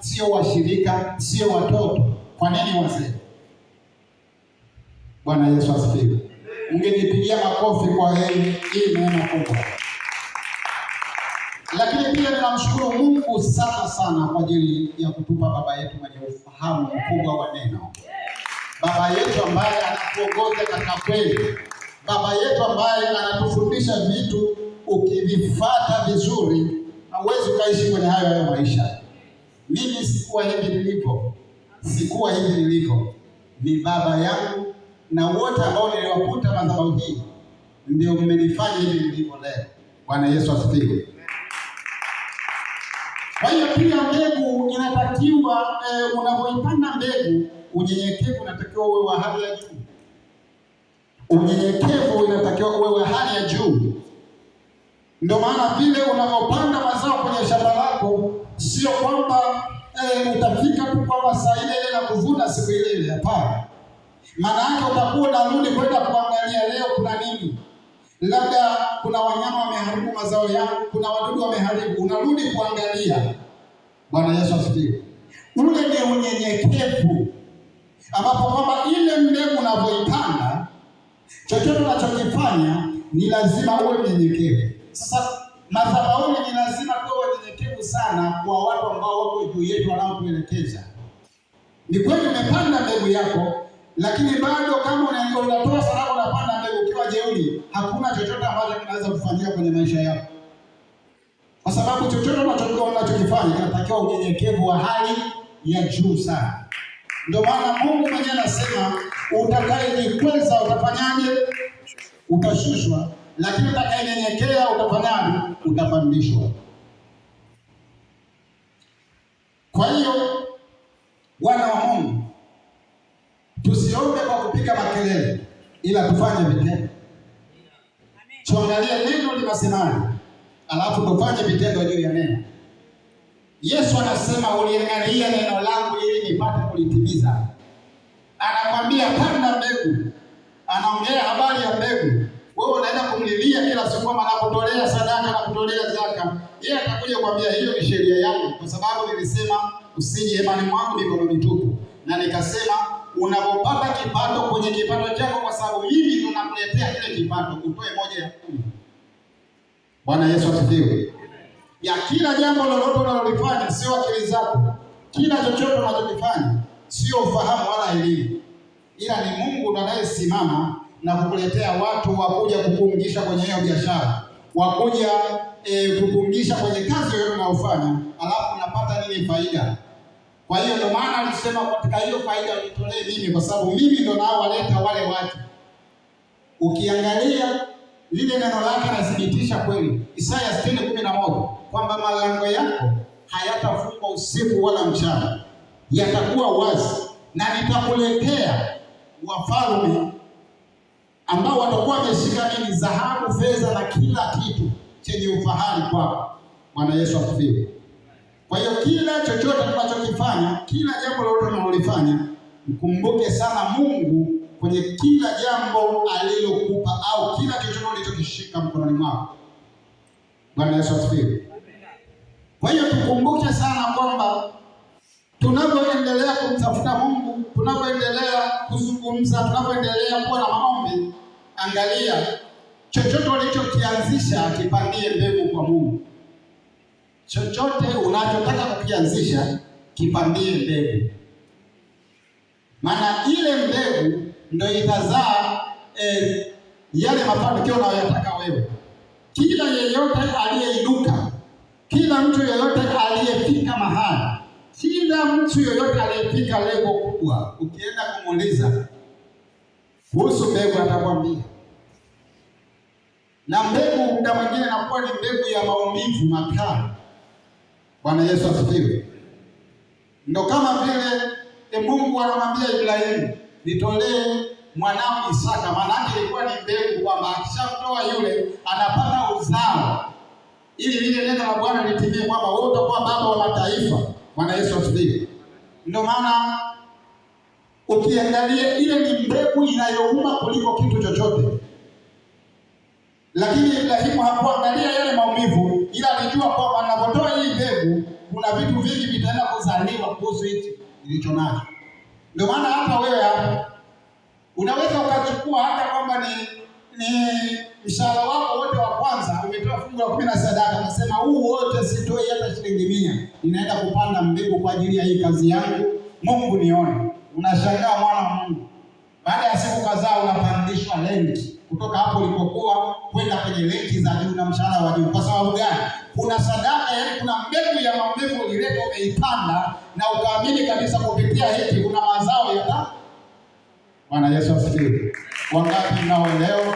sio washirika, sio watoto. Kwa nini wazee? Bwana Yesu asifiwe. Ungenipigia makofi kwa heri, hii neema kubwa. Lakini pia ninamshukuru Mungu sana sana kwa ajili ya kutupa baba yetu mwenye ufahamu mkubwa wa neno, baba yetu ambaye anatuongoza katika kweli, baba yetu ambaye anatufundisha vitu, ukivifuata vizuri hauwezi ukaishi kwenye hayo hayo maisha mimi sikuwa hivi nilivyo, sikuwa hivi nilivyo, ni baba yangu na wote ambao niliwakuta madhabahu hii ndio mmenifanya hivi nilivyo leo. Bwana Yesu asifiwe. Kwa hiyo pia mbegu inatakiwa e, eh, unapoipanda mbegu, unyenyekevu unatakiwa uwe wa hali ya juu. Unyenyekevu inatakiwa uwe wa hali ya juu, ndio maana vile unapopanda mazao kwenye shamba lako sio kwamba eh, utafika tu kwamba saa ile ile na kuvuna siku ile ile. Hapana, maana yake utakuwa unarudi kwenda kuangalia leo kuna nini, labda kuna wanyama wameharibu mazao yangu, kuna wadudu wameharibu, unarudi kuangalia. Bwana Yesu asifiwe. Ule ni unyenyekevu ambapo kwamba ile mbegu unavyoipanda, chochote unachokifanya ni lazima uwe mnyenyekevu. Ni kweli umepanda mbegu yako, lakini bado kama unatoa sadaka unapanda mbegu ukiwa jeuri, hakuna chochote ambacho kinaweza kufanyika kwenye maisha yako, kwa sababu chochote unachokifanya kinatakiwa unyenyekevu wa hali ya juu sana. Ndio maana Mungu mwenyewe anasema utakayejikweza utafanyaje? Utashushwa, lakini utakayenyenyekea utafanyaje? Utapandishwa. Kwa hiyo wana wa Mungu, tusiombe kwa kupiga makelele, ila tufanye vitendo. Tuangalie neno linasemaje, alafu tufanye vitendo juu ya neno. Yesu anasema uliangalia neno langu ili nipate kulitimiza. Anakwambia panda mbegu, anaongea habari ya mbegu wewe unaenda kumlilia kila siku kama anakutolea sadaka na kutolea zaka, yeye atakuja kwambia hiyo ni sheria yangu, kwa sababu nilisema usije hemani mwangu mikono mitupu, na nikasema unapopata kipato kwenye kipato chako, kwa sababu mimi ndo nakuletea kile kipato, utoe moja ya kumi. Bwana Yesu asifiwe. Ya kila jambo lolote unalolifanya, sio akili zako, kila chochote unachokifanya sio ufahamu wala elimu, ila ni Mungu anayesimama na kukuletea watu wakuja kukuungisha kwenye hiyo biashara, wakuja e, kukuungisha kwenye kazi yoyote unayofanya, alafu unapata nini? Faida. Kwa hiyo ndio maana alisema katika hiyo faida unitolee mimi, kwa sababu mimi ndo naowaleta wale watu. Ukiangalia lile neno lake nathibitisha kweli, Isaya 60:11 kwamba malango yako hayatafungwa usiku wala mchana, yatakuwa wazi na nitakuletea wafalme ambao watakuwa wameshika nini? Dhahabu, fedha na kila kitu chenye ufahari kwao. Bwana Yesu asifiwe. Kwa hiyo kila chochote tunachokifanya, kila jambo lolote tunalolifanya, mkumbuke sana Mungu kwenye kila jambo alilokupa au kila chochote ulichokishika mkononi mwako. Bwana Yesu asifiwe. Kwa hiyo tukumbuke sana kwamba tunapoendelea kumtafuta Mungu, tunapoendelea kuzungumza, tunapoendelea kuwa na angalia, chochote walichokianzisha kipandie mbegu kwa Mungu. Chochote unachotaka kukianzisha kipandie mbegu, maana ile mbegu ndio itazaa eh, yale mafanikio unayotaka wewe. Kila yeyote aliyeinuka, kila mtu yeyote aliyefika mahali, kila mtu yeyote aliyefika lengo kubwa, ukienda kumuuliza kuhusu mbegu atakwambia na mbegu muda mwingine inakuwa ni mbegu ya maumivu makali. Bwana Yesu asifiwe. Ndo kama vile e, Mungu anamwambia Ibrahimu, nitolee mwanao Isaka. Maana yake ilikuwa ni mbegu kwamba akishamtoa yule anapata uzao, ili lile neno la Bwana litimie kwamba wewe utakuwa baba wa mataifa. Bwana Yesu asifiwe. Ndio maana ukiangalia ile ni mbegu inayouma kuliko kitu chochote. Lakini Ibrahimu hakuangalia yale maumivu, ila alijua kwamba anapotoa hii mbegu kuna vitu vingi vitaenda kuzaliwa kuhusu hichi nilicho nacho. Ndio maana hata wewe unaweza ukachukua hata kwamba ni ni mshahara wako wote wa kwanza, umetoa fungu la kumi na sadaka, unasema huu wote sitoi hata shilingi mia, inaenda kupanda mbegu kwa ajili ya hii kazi yangu, Mungu nione. Unashangaa mwana wa Mungu, baada ya siku kadhaa unahamisha renti kutoka hapo ulipokuwa kwenda kwenye renti za juu na mshahara wa juu. Kwa sababu gani? Kuna sadaka, yaani kuna mbegu ya maumivu ulileta, umeipanda na ukaamini kabisa kupitia hiki kuna mazao yata. Bwana Yesu asifiwe. Wangapi nao leo